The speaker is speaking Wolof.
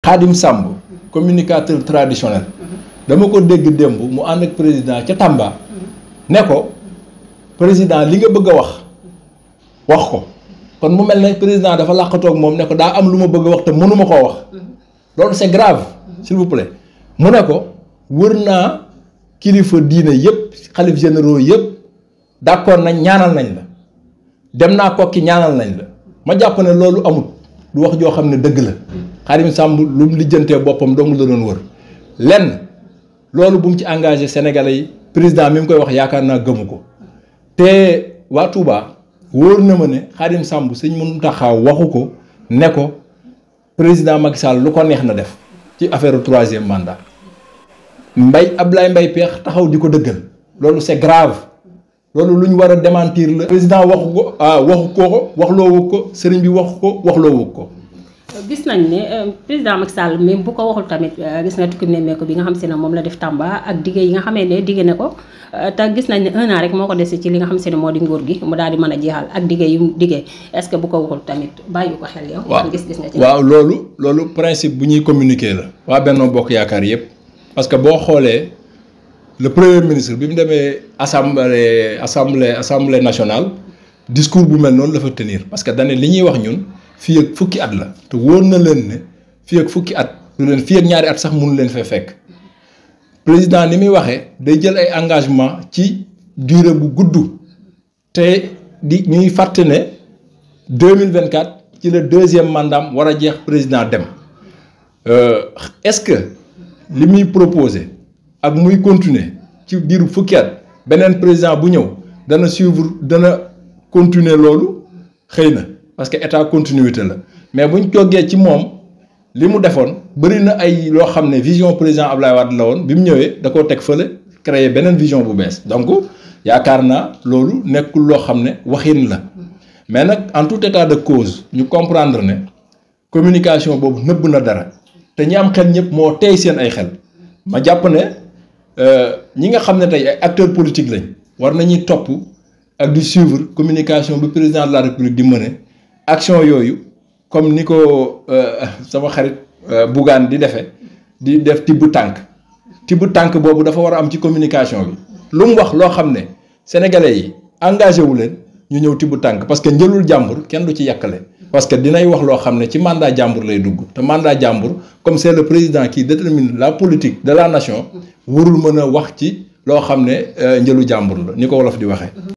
Khadim Samb communicateur traditionnel dama ko dégg démb mu ànd ak président ca Tamba ne ko président li nga bëgg a wax wax ko kon mu mel ne président dafa làqatoog moom ne ko daa am lu ma bëgg a wax te mënuma koo wax loolu c'est grave s'il vous mu ne ko wër naa kilifa diine yëpp xalif généraux yëpp d'accord nañ ñaanal nañ la dem naa kokki ñaanal nañ la ma jàpp ne loolu amul du wax joo xam ne dëgg la Xaadim Samb lu mu lijjantee boppam dong la doon wër lenn loolu bu mu ci engagé Sénégalais yi président mi mu koy wax yaakaar naa gëmu ko te waa tuuba wóor na ma ne Xaadim Samb sëñ taxaw waxu ko ne ko président Macky Sall lu ko neex na def ci affaire troisième mandat Mbaye Ablaye mbay Peex taxaw di ko dëggal loolu c'est grave loolu lu ñu war a démentir la. président waxu ko ah waxu wax ko waxloowu ko sëriñ bi waxu ko wax loo waxloowu ko. gis nañ ne euh, président Macky saal même bu ko waxul tamit euh, gis na tukki nemmeeku bi nga xam si ne moom la def Tamba ak dige yi nga xamee ne dige ko euh, te nañ ne un moo ko dese ci li nga xam si ne moo di nguur gi mu daal di mën a jeexal ak dige yu dige est-ce que bu ko waxul tamit bàyyi ko xel yow. waaw gis-gis waaw loolu loolu principe bu ñuy communiquer la. waa Benno Bokk Yaakaar yëpp parce que boo xoolee. le premier ministre bi mu demee assemblée assemblée assemblée nationale discours bu mel noonu lafa fa tenir parce que dane li ñuy wax ñun fii ak fukki at la te wóor na leen ne fii ak fukki at lu leen fii ak ñaari at sax mënu leen fee fekk président ni muy waxee day jël ay engagement ci durée bu gudd te di ñuy fàtte ne 2024 ci le deuxième mandam war a jeex président dem euh, est-ce que li muy proposé ak muy continuer ci diiru fukki at beneen président bu ñëw dana suivre dana continuer loolu xëy na parce que état continuité la mais bu buñ toggee ci moom li mu defoon bëri na ay loo xam ne vision président Ablaye Wade la woon bi mu ñëwee da koo teg fële créer beneen vision bu bees donc yaakaar naa loolu nekkul loo xam ne waxin la mais nag en tout état de cause ñu comprendre ne communication boobu nëbb na dara te ñi am xel ñëpp moo tey seen ay xel ma Euh, ñi nga xam ne tey ay acteurs politiques lañ war nañuy topp ak di suivre communication bi président de la république di mëne action yooyu comme ni ko euh, sama xarit euh, Bougane di defee di def tibb tànk tibb tànk boobu dafa war a am ci communication bi lu mu wax loo xam ne sénégalais yi engagé wu leen. ñu ñëw tibb tànk parce que njëlul jàmbur kenn du ci yàkkale parce que dinay wax loo xam ne ci mandat jàmbur lay dugg te mandat jàmbur comme c'est le président qui détermine la politique de la nation warul mën a wax ci loo xam ne euh, njëlu jàmbur la ni ko wolof di waxee